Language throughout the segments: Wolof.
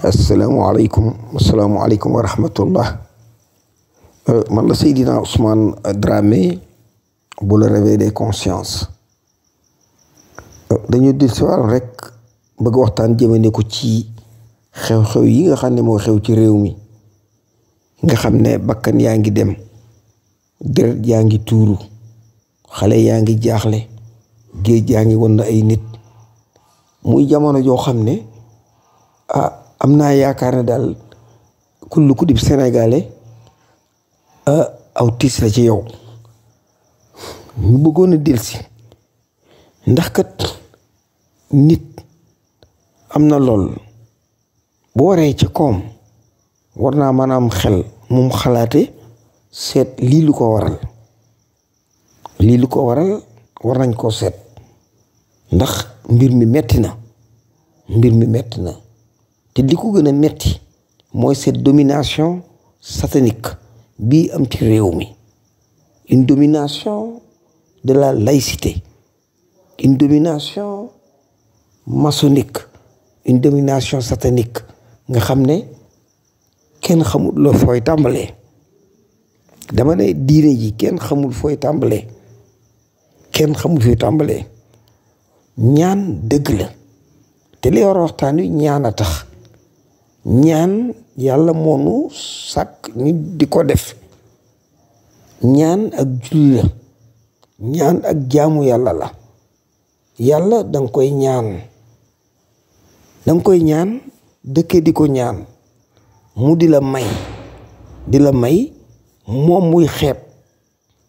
asalaamualeykum asalaamualeykum wa rahmatullah euh, man la Seydina Ousmane Dramé bu la réveil des consciences euh, dañu dil si wàll rek bëgg waxtaan jëmane ko ci xew-xew yi nga xam ne moo xew ci réew mi nga xam ne bakkan yaa ngi dem deret yaa ngi tuuru xale yaa ngi jaaxle géej yaa ngi won ay nit muy jamono joo xam ne ah am naa yaakaar ne daal kullu ku dib sénégalais aw ah, tiis la ci yow ñu bëggoon a delsi ndax kat nit am na lool bu waree ci koom war naa mën xel mum xalaate seet lii lu ko waral liilu ko waral war nañ koo seet ndax mbir mi metti na mbir mi metti na te li ko gën a metti mooy cette domination satanique bii am ci réew mi une domination de la laïcité une domination maçonnique une domination satanique nga xam ne kenn xamul la fooy tàmbalee dama ne diine ji kenn xamul fooy tàmbalee kenn xamul fooy tàmbalee ñaan dëgg la te li war a waxtaan ñaan a tax ñaan yàlla moonu sàkk ñu di ko def ñaan ak julli la ñaan ak jaamu yàlla la yàlla danga koy ñaan danga koy ñaan dëkke di ko ñaan mu di la may di la may moom muy xeeb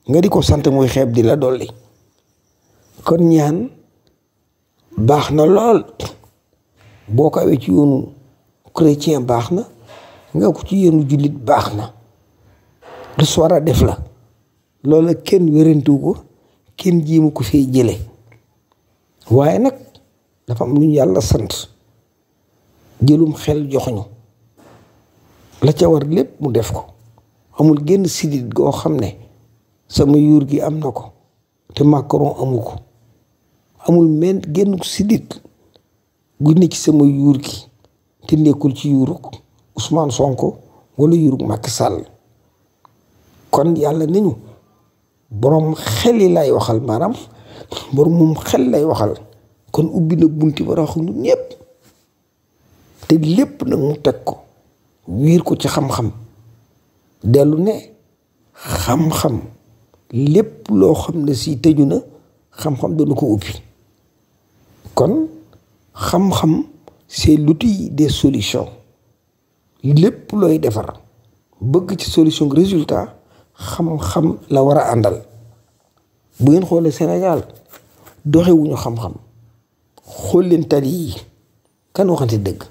nga di ko sant muy xeeb di la dolli kon ñaan baax na lool boo ko awee ci yoonu chrétien baax na nga ko ci yéenu jullit baax na lu su war a def la loolu loola kenn wérantu ko kenn jiimu ko fee jële waaye nag dafa am lu ñu yàlla sant jëlum xel joxuñu la ca war lépp mu def ko amul génn sidit goo xam ne sama yuur gi am na ko te macaron amu ko amul men génn sidit gu ne ci sama yuur gi te nekkul ci yurug Ousmane Sonko wala yurug Macky Sall kon yàlla nañu boroom xel yi lay waxal maanaam borom moom xel lay waxal kon ubbi na bunti baraxunu ñépp te lépp nag mu teg ko wiir ko ci xam-xam dellu ne xam-xam lépp loo xam ne si tëju na xam-xam dana ko ubbi kon xam-xam c'est l'outil des solution lépp looy defar bëgg ci solution résultat xam-xam la war a àndal bu ngeen xoolee Sénégal doxewuñu xam-xam xool leen tali yi kan waxante dëgg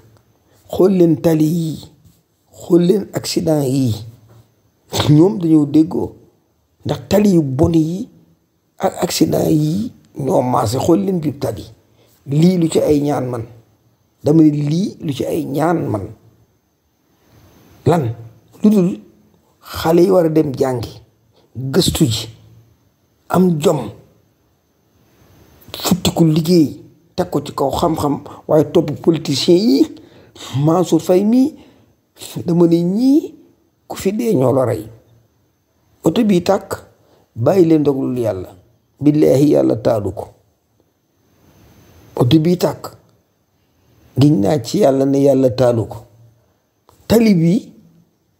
xool leen tali yi xool leen accident yi ñoom dañoo déggoo ndax tali yu bon yi ak accident yi ñoo maase xool leen biib tali lii lu ci ay ñaan man dama lii lu ci ay ñaan man lan lu dul xale yi war a dem jàngi gëstu ji am jom futtiku liggéey teg ko ci kaw xam-xam waaye topp politiciens yi Mansour Faye mii dama ne ñii ku fi dee ñoo la rey oto tàkk bàyyi leen dogalul yàlla billaahi yàlla taadu ko oto bii tàkk giñ naa ci yàlla ne yàlla taalu ko tali bi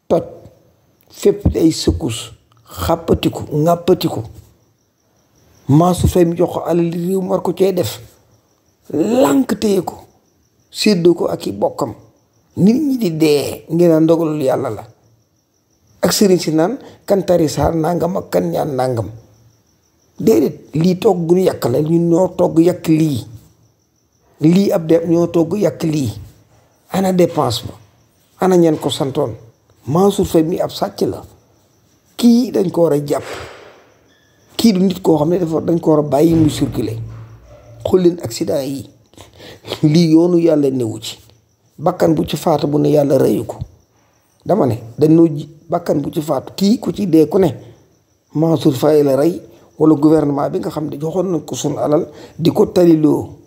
toj fépp day sëkkus xàppatiku ŋàppatiku maasu fay mu jox ko alal li réew war ko cee def lànk téye ko séddoo ko ak i bokkam nit ñi di dee ngeen naan yàlla la ak sëriñ si naan kan tari saar nangam ak kan ñaan nangam déedéet lii togg bu ñu yàq la ñu noo togg yàq lii lii ab de ñoo togg yàkk lii ana dépense ba ana ñan ko santoon Mansour Faye mi ab sàcc la kii dañ ko war a jàpp kii du koo xam ne dafa dañ ko war a bàyyi mu circuler xool leen accident lii yoonu yàlla newu ci bakkan bu ci faatu bu ne yàlla rëyu ko dama ne dañoo bu ci faatu kii ku ci dee ku ne Mansour Faye la rey wala gouvernement bi nga xam ne joxoon nañ ko sun alal di ko taliloo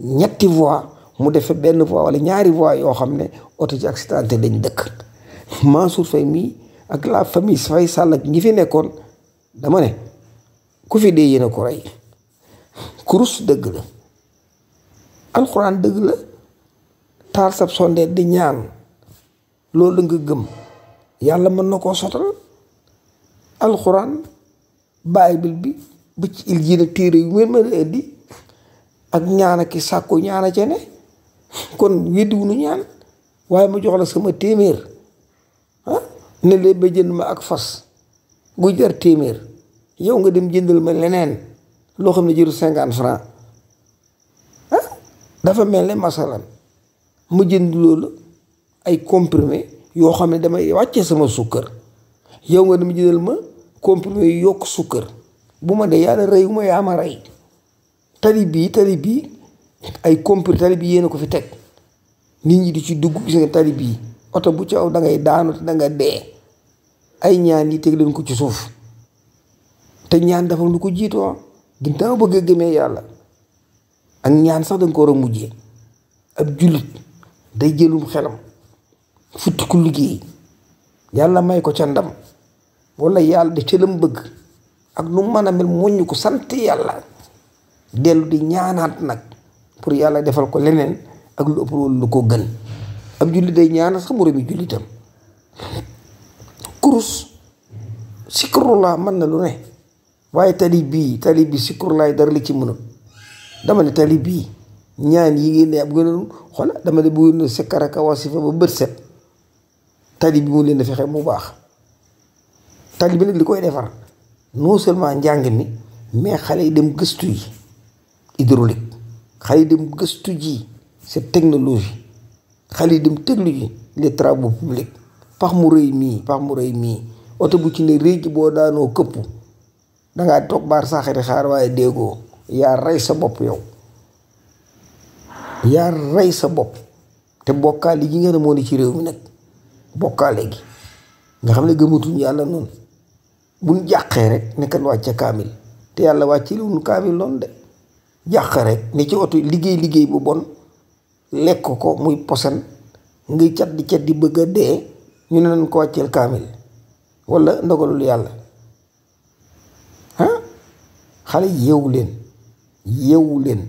ñetti voie mu defe benn voie wala ñaari voie yoo xam ne oto ci accidenté dañ dëkk Mansour Faye mii ak la famille Faye Sall ak ngi fi nekkoon dama ne ku fi dee yéen ko rey kurus dëgg la alxuraan dëgg la taal sab sondeel di ñaan loolu nga gëm yàlla mën na koo sotal alxuraan bible bi ba il ji na téere yu mel mën a indi ak ñaan ak sàkku ñaan a ca ne kon weddiwunu ñaan waaye ma jox la sama téeméer ah, ne leen ba jënd ma ak fas gu jar téeméer yow nga dem jëndal ma leneen loo xam ne jëru cinquante franc ah, dafa mel ne masalan mu jënd loolu ay comprimé yoo xam ne damay wàcce sama sukkar yow nga dem jëndal ma comprimer yu yokk sukkar bu ma dee yàlla rey ma yaa ma rey tali bii tali bii ay comprimé tali bi yéen ko fi teg nit ñi di ci dugg gis nga tali bii oto bu ci aw da ngay daanu te da dee ay ñaan yi teg leen ko ci suuf te ñaan dafa lu ko jiitoo ah. ginnaaw bëgg a gëmee ak ñaan sax danga ko war a mujjee ab jullit day jëlum xelam futti ku liggéey yàlla may ko ca ndam wala yàlla def ca lam bëgg ak nu mën a mel moññ ko sant yàlla dellu di ñaanaat nag pour yàlla defal ko leneen ak lu ëpp loolu lu ko gën ab julli day ñaanal sax moromi jullitam kurus sikrullah mën na lu ne waaye tali bii tali bi sikrullaay dara li ci mënut dama ne tali bii ñaan yi ngeen ne ab gënoon xoola dama ne bu ngeen sikkar ak wasifa ba bët set tali bi mu leen di fexe bu baax tali bi nag li koy defar non seulement njàng mi mais xale yi dem gëstu yi hydraulique xale yi dem gëstu ji cette technologie xale yi dem teglu ji les travaux pax mu rëy mii pax mu rëy mii oto bu ci ne rëy ji boo daanoo këpp dangaa toog baar saaxari xaar waaye déggoo yaa rey sa bopp yow yaa rey sa bopp te bokkaale gi nga ne moo ci réew mi nag bokkaale gi nga xam ne gëmatuñ yàlla noonu buñ jàqee rek nekkat wàcce kaamil te yàlla wàcce liwun kaamil loon de yàq rek ni ci oto liggéey liggéey bu bon lekk ko muy posen ngay cat di bëgg a dee ñu ne nañ ko wàcceel kaamil wala ndogalul yàlla ah xale yeewu leen yeewu leen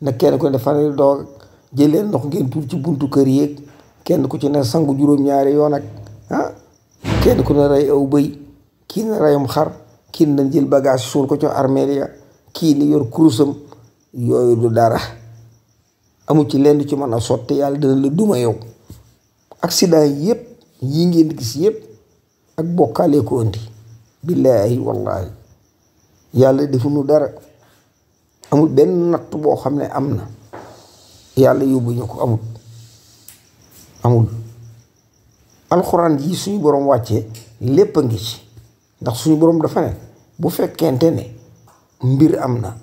na kenn ku ne dafa ne doog jël leen ndox ngeen tuur ci buntu kër yéeg kenn ku ci ne sangu juróom-ñaari yoon ak ah kenn ku ne rey aw bëy kii ne reyum xar kii ne jël bagage suul ko ci armelia kii ne yor kurusam yooyu du dara amu ci lenn ci mën a sotti yàlla dina la duma yow accident yépp yi ngeen gis yépp ak bokkaale ko indi billaahi wallaahi yàlla defuñu dara amul benn natt boo xam ne am na yàlla yóbbuñu ko amul amul alxuraan yi suñu boroom wàccee lépp a ngi ci ndax suñu boroom dafa ne bu fekkente ne mbir am na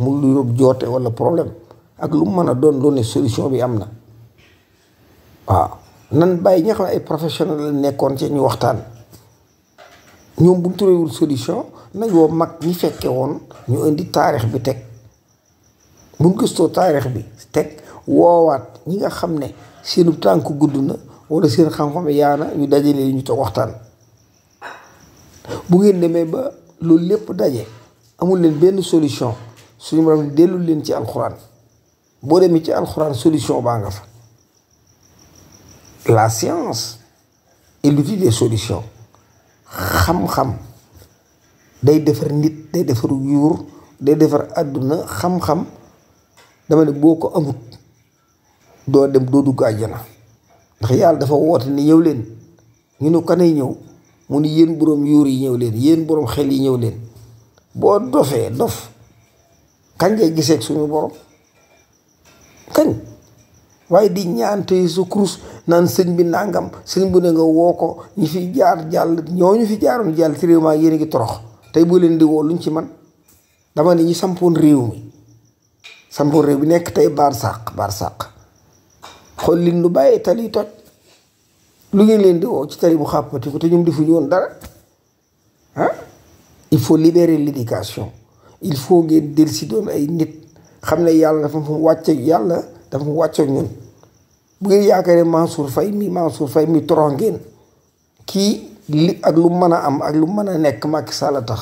mu niroog joote wala problème ak lu mu mën a doon doone solution bi am na waaw nan bàyyi ña xam ay professionnel la nekkoon ci ñu waxtaan ñoom bu ñu solution nañ mag ñi fekke woon ñu indi taarix bi teg buñ gëstoo taarix bi teg woowaat ñi nga xam ne seenu tànk gudd na wala seen xam-xam na ñu dajalee ñu toog waxtaan bu ngeen demee ba loolu lépp daje amul leen benn solution suñu borom dellul leen ci alxuraan boo demee ci alxuraan solution baa nga fa la science est solution des xam-xam day defar nit day defaru yuur day defar àdduna xam-xam dama ne boo ko amut doo dem doo dugg àjjana ndax yàlla dafa woote ni ñëw leen ñu ne kanay ñëw mu ni yéen boroom yuur yi ñëw leen yéen boroom xel yi ñëw leen boo dofee dof kañ ngay giseeg suñu borom kañ waaye di ñaante su kurus naan sëñ bi nangam sëñ bu ne nga woo ko ñu fi jaar jàll ñoo ñu fi jaaroon jàll ci réew maa yéen a ngi torox tey bu leen di woo luñ ci man dama ñu sampoon réew mi sampoon réew nekk tey baar sàq baar sàq xool li nu bàyyee tali lu ngeen leen di woo ci tali bu xàppati ko ñu ñoom defuñu woon dara ah il faut libérer l'éducation il faut ngeen del si doon ay nit xam ne yàlla dafa mu wàcce yàlla dafa mu wàcce ñun bu ngeen yaakaaree Mansour fay mi Mansour fay mi torox ngeen kii li ak lu mën a am ak lu mën a nekk Macky Sall a tax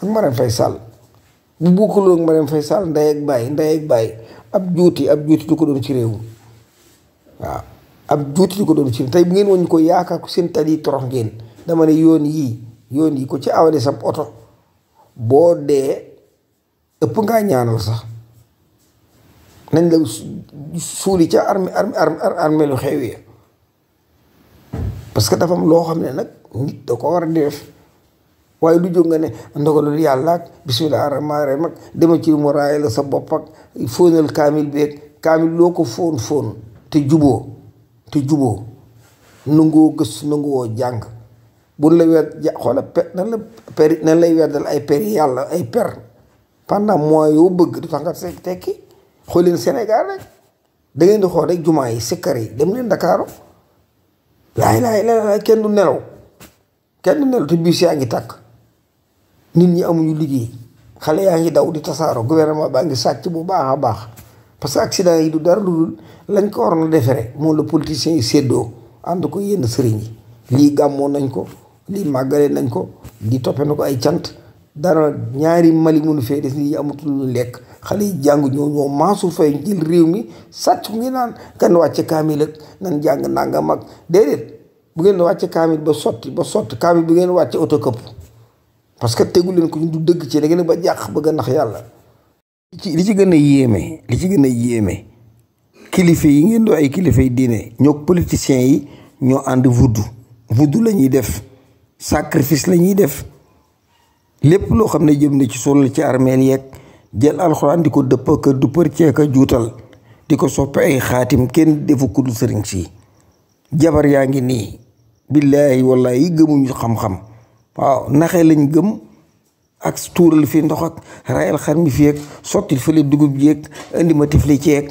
ak Marème Faye Sall bu bokkuloo ak Marème Faye Sall ndey ak bàyyi ndey ak bàyyi ab juuti ab juuti du ko doon ci réew mi waaw ab juuti du ko doon ci réew tey bu ngeen wañ ko yaakaar ko seen tali torox ngeen dama ne yoon yii yoon yi ko ci awale sa oto boo ëpp ngaa ñaanal sax nañ la suuli ca armée armée lu xew yi parce que dafa am loo xam ne nag nit da ko war a def waaye du jóg nga ne ndogalul yàlla ak bisimilah rahmaani rahiim dema ci mu raay la sa bopp ak fóonal kaamil beeg kaamil loo ko fóon fóon te juboo te juboo nanguwoo gëstu nanguwoo jàng bu la wet ja xoola per nan la per nan lay weddal ay per yàlla ay per pendant mois yoo bëgg du tax nga tekki xool leen Sénégal rek da ngeen di xool rek jumaa yi sikkar yi dem leen ndakaaru laay laay laay kenn du nelaw kenn du nelaw te bus yaa ngi takk nit ñi amuñu liggéey xale yaa ngi daw di tasaaroo gouvernement baa ngi sàcc bu baax a baax parce que accident yi du dara lu lañ ko waroon a defere moom la politiciens yi séddoo ànd ko yenn sëriñ yi lii gàmmoo nañ ko lii màggalee nañ ko di toppe na ko ay cant dara ñaari Mali mënu fee des nii amatul lu lekk xale yi jàng ñoo ñoo Mansour Faye jël réew mi sàcc ngi naan kan wàcce kaamil ak nan jàng nanga mag déedéet bu ngeen wàcce kaamil ba sotti ba sotti kaamil bu ngeen wàcce oto këpp parce que tegu leen ko ñu du dëgg ci da ngeen ba jàq bëgg a nax yàlla. li ci li ci gën a yéeme li ci gën a yéeme kilifa yi ngeen doo ay kilifa yi diine ñoo politiciens yi ñoo ànd vuddu vuddu la ñuy def sacrifice la ñuy def. lépp loo xam ne jëm na ci suul ci armeel yeeg jël alxuraan di ko dëpp ak du për ceeka juutal di ko soppi ay xaatim kenn defu ku du sëriñ si jabar yaa ngi nii billaahi wallaahi gëmuñu xam-xam waaw naxee lañ gëm ak tuural fi ndox ak rayal xar fi ak sottil fële dugub ji indi ma tifli ci ak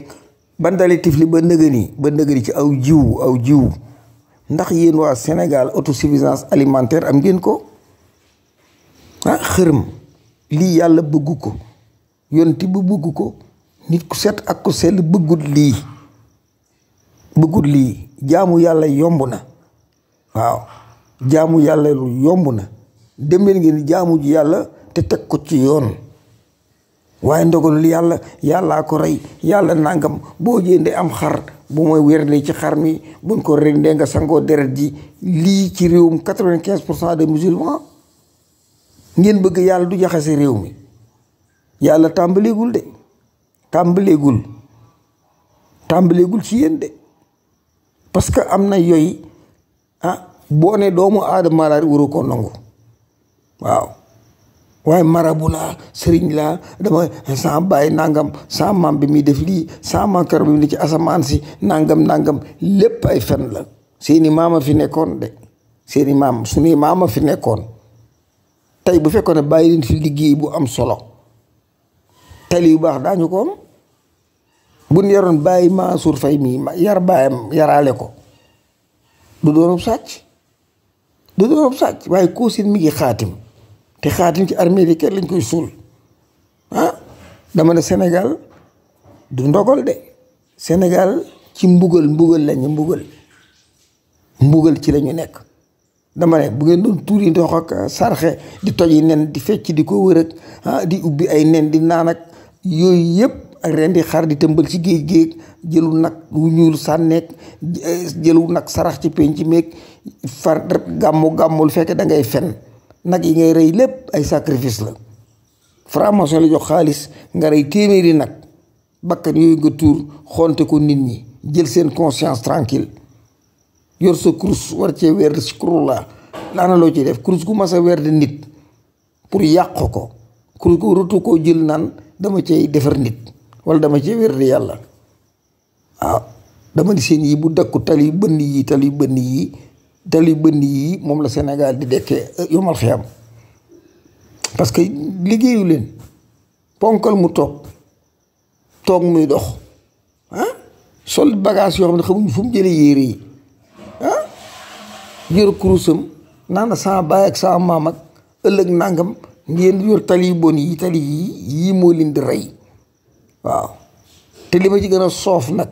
bandale tifli ba nëgëni ba nëgëni ci aw jiwu aw jiw ndax yéen waa Sénégal autosuffisance alimentaire am ngeen ko xërëm lii yàlla bëgg ko yonti bu bëgg ko nit ku set ak ku sell bëggut lii bëggut lii jaamu yàlla yomb na waaw jaamu yàlla lu yomb na dem leen ngeen jaamu ji yàlla te teg ko ci yoon waaye ndogalul yàlla yàllaa ko rey yàlla nangam boo jëndee am xar bu mooy wérandee ci xar mi buñ ko rendee nga sangoo deret ji lii ci réewum quatre-vingt-quinze pour cent de musulmans ngeen bëgg yàlla du jaxase réew mi yàlla tàmbaleegul de tàmbaleegul tàmbaleegul ci yéen de parce que am na yooyu ah boo ne doomu aadama laa waroo ko nangu waaw waaye marabu laa sëriñ laa dama sa bàyyi nangam sa maam bi muy def lii sa maam kër bi mu ne ci asamaan si nangam nangam lépp ay fen la seeni maama fi nekkoon de seeni maam a fi nekkoon tey bu fekkoon ne bàyyi leen fi liggéey bu am solo tali yu baax daañu ko bu buñ yaroon bàyyi Mansour fay mii yar bàyyam yaraale ko du doonub sàcc du doonub sàcc waaye Kossine mi ngi xaatim te xaatim ci armée yi kenn lañ koy suul ah dama ne Sénégal du ndogal de senegal ci mbugal mbugal lañu mbugal mbugal ci lañu nekk dama ne bu ngeen doon yi ndox ak euh, sarxe di toji nen di fecc di ko wër ak ah, di ubbi ay nen di naa nag yooyu yëpp ak ren di xar di tëmbal ci géej géej jëlu nag wu ñuul sànneeg euh, jëlu nag sarax ci penc meeg far gàmmu gàmmul fekk da ngay fen nag yi ngay rey lépp ay sacrifice la franc-maçon la jox xaalis nga rey téeméeri nag bakkan yooyu nga tuur xonte ko nit ñi jël seen conscience tranquille yor sa kurus war cee weer si kurullaa laana loo ciy def kurus gu mas a weer di nit pour yàq ko kurus gu rutu koo jël naan dama cay defar nit wala dama cee weer di yàlla waaw ah, dama ni seen yi bu dakku tali bënn yi tali bënn yi tali bënn yi moom la senegal di dekkee eh, yomal xiyam parce que liggéeyu leen ponkal mu toog toog muy dox ah sol bagage yoo xam ne xamuñ fu mu jëlee yére yi yor kurusam naan na sama baay ak sama maam ak ëllëg nangam ngeen yor tali bon yi tali yi yii moo leen di rey waaw te li ma ci gën a soof nag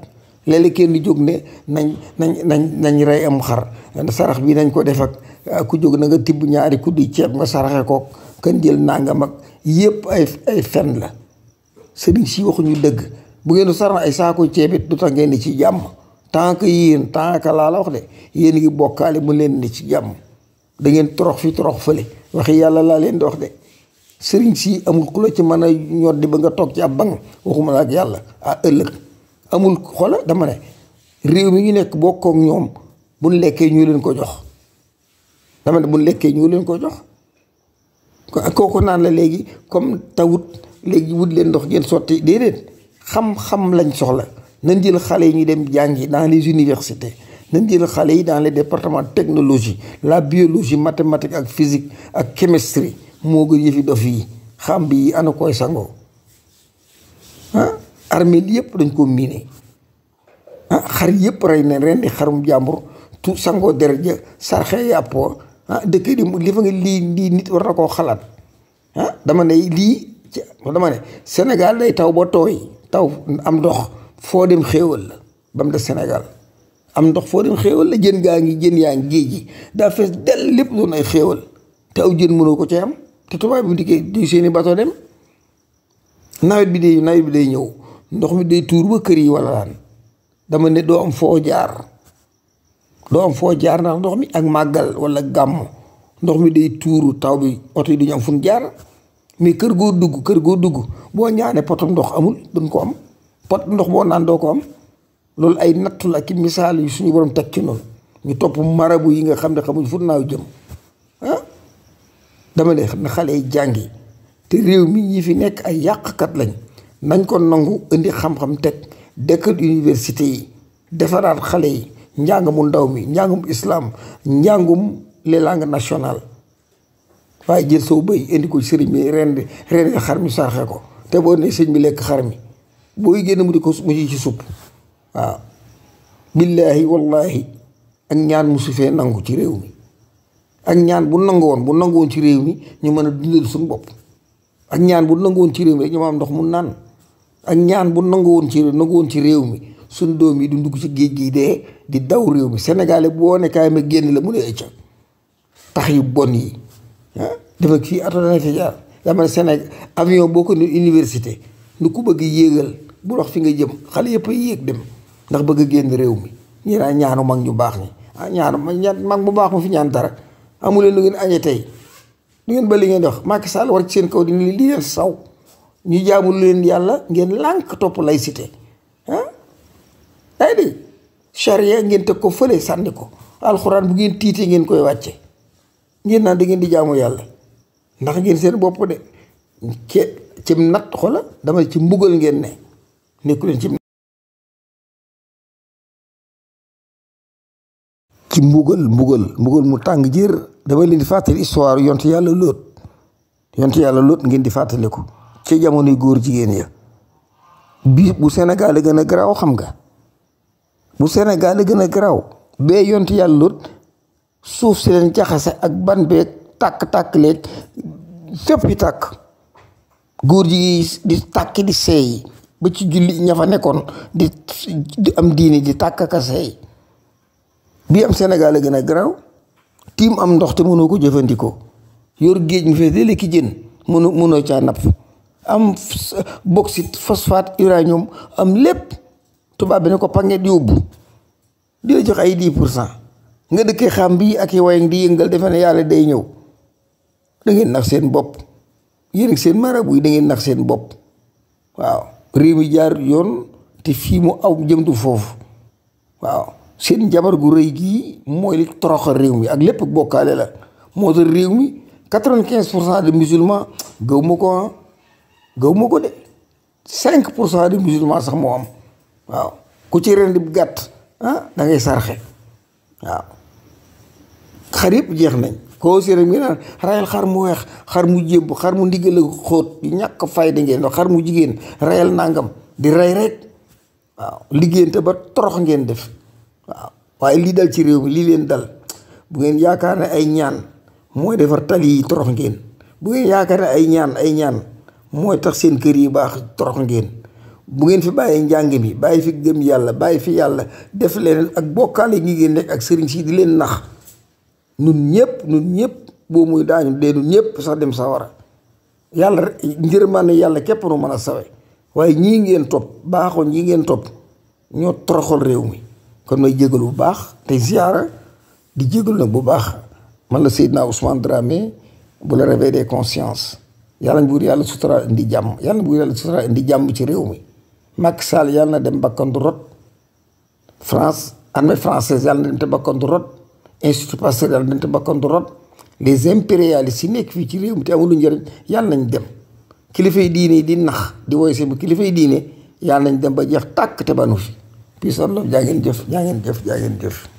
léeg-léeg kenn di jóg ne nañ nañ nañ nañ rey am xar sarax bi nañ ko def ak ku jóg na nga tibb ñaari kuddi ceeb nga saraxe kook kan jël nangam ak yépp ay ay fen la sëriñ si waxuñu dëgg bu ngeen sarax ay saako ceebit du tax ngeen di ci jàmm tant que yéen tant que laa la wax de yéen ngi bokkaale mu leen di ci jàmm da ngeen torox fi torox fële waxi yàlla laa leen di wax de sëriñ si amul ku ci mën a ñor di ba nga toog ci ab bang waxuma la ak yàlla ah ëllëg amul xoola dama ne réew mi ñu nekk bokkook ñoom buñ lekkee ñu leen ko jox dama ne buñ lekkee ñu leen ko jox kooku naan la léegi comme tawut léegi wut leen ndox ngeen sotti déedéet xam-xam lañ soxla nañ jël xale yi ñu dem jàngi dans les universités nañ jël xale yi dans les départements technologie la biologie mathématique ak physique ak chemistry moo gën yëfi dof yi xam bi yi ana koy sangoo ah yëpp dañ ko miine ah yëpp rey ne ren di xarum jàmbur tu sangoo deret ja sarxe ah, lii ah, lii xalaat dama lii dama ne Sénégal day taw ba tooy taw am ndox foo dem xéewal la ba mu des Sénégal am ndox foo dem xéewal la jën gaa ngi jën yaa ngi géej gi daa fees dell lépp doon ay xéewal te aw jën mënoo ko ci am te tubaab bi dikkee di seeni bato dem nawet bi day nawet bi ñëw ndox mi day tuur ba kër yi wala laan dama ne doo am foo jaar doo am foo jaar ndax ndox mi ak màggal wala gàmm ndox mi day tuuru taw bi oto yi duñu am fu jaar mais kër goo dugg kër goo dugg boo ñaanee potam ndox amul duñ ko am pot ndox boo naan doo ko am loolu ay nattu la ki misaal yu suñu borom teg ci noonu ñu topp marabu yi nga xam ne xamuñ fu naaw jëm ah dama ne na xale yi te réew mi ñi fi nekk ay yàqkat lañ nañ ko nangu indi xam-xam teg dëkkat université yi defaraat xale yi njàngamu ndaw mi njàngum islaam njàngum les langues nationales waaye jël soo bëy indi ko sëriñ mi ren ren xar mi sarxe ko te boo ne sëñ bi lekk xar mi booy génn mu di ko mu ci supp waaw billaahi wallaahi ak ñaan mu su fee nangu ci réew mi ak ñaan bu nangu woon bu nangu ci réew mi ñu mën a dundal suñu bopp ak ñaan bu nangu ci réew mi rek ma am ndox mu naan ak ñaan bu nangu ci nangu ci réew mi suñ doom yi du ndugg ci géej gi dee di daw réew mi sénégalais boo ne ma génn la mu ne ëcca tax yu bon yi ah, dafa kii ato dana fi jaar dama ne avion boo ko ne université nu ku bëgg yéegal bu wax fi nga jëm xale yëpp a yéeg dem ndax bëgg a génn réew mi ñii a ñaanu mag ñu baax ñi ah ñaanu mag bu baax mu fi ñaan dara amuleen lu ngeen añee tey lu ngeen ba li ngeen wax Macky Sall war ci seen kaw di ni li leen saw ñu jaamul leen yàlla ngeen lànk topp laïcité ah ay di ko fële sànni ko alxuraan bu ngeen tiitee ngeen koy wàcce ngeen naan da ngeen di jaamu yàlla ndax ngeen seen bopp de ke cim nat xola dama ci mbugal ngeen ne nekku leen ci mbugal mbugal mu tàng jër damay leen di fàttali histoire yonte yàlla lóot yonte yàlla lóot ngeen di fàttaliku ci jamonoy góor jigéen ya bi bu Sénégal gën a garaaw xam nga bu Sénégal gën a garaaw bee yonte yàlla lóot suuf si leen jaxase ak ban beeg tàkk-tàkk leeg fépp yi tàkk góor ji di tàkk di seey ba ci julli ña nekkoon di di am diini di tàkk kase bi am senegal a gën a garaaw tiim am ndox te mënoo ko jëfandikoo yor géej mu fees dee ki jën mënu mënoo caa napp am bauxite phosphate uranium am lépp tubaab bi ne ko panget yóbbu di jox ay 10 pour cent nga dëkkee xam bi ak i wayan di yëngal defe yàlla day ñëw dangeen nax seen bopp yéen seen marabu yi da ngeen nax seen bopp waaw réew mi jaar yoon te fii mu aw jëm du foofu waaw seen jabar gu rëy gi mooy li toroxal réew mi ak lépp bokkaale la moo tax réew mi quatre-vingt-quinze pour cent de musulmans gaw ma ko ah gaw ma ko de cinq pour cent de musulmans sax moo am waaw ku ci ren di gàtt ah da sarxe waaw xar yëpp jeex nañ. koo si rek mi naan rayal xar mu weex xar mu jébb xar mu ndigg ak xóot di ñàkk fayda ngeen doon xar mu jigéen rayal nàngam di rey rek waaw liggéeyante ba torox ngeen def waaw waaye lii dal ci réew mi lii leen dal bu ngeen yaakaar ne ay ñaan mooy defar tali torox ngeen bu ngeen yaakaar ay ñaan ay ñaan mooy tax seen kër yi baax torox ngeen bu ngeen fi bàyyee njàng mi bàyyi fi gëm yàlla bàyyi fi yàlla def leen ak bokkaale ngi ngeen nekk ak sëriñ si di leen nax nun ñëpp nun ñëpp boo muy daañu dee nun ñëpp sax dem sawara yàlla rek njërmaan na yàlla képp nu mën a sawe waaye ñii ngeen topp baaxoon ñii ngeen topp ñoo toroxal réew mi kon may jégal bu baax te ziara di jégalu nag bu baax man la Seydina Ousmane Dramé bu la réveil de consciences yàlla na buur yàlla sutura indi jàmm yàlla na buur yàlla sutura indi jàmm ci réew mi Macky Sall yàlla na dem bakkandu rot France armée française yàlla te bakkandu rot institut Pasteur yàlla dañ te bakkan du rot les impérialistes yi nekk fii ci réew mi te amul njëriñ yàlla nañ dem kilifa yi diine di nax di woy seen kilifa yi diine yàlla nañ dem ba jeex tàkk te banu fi. puis soxna jaa ngeen jëf jaa ngeen jëf jaa ngeen jëf.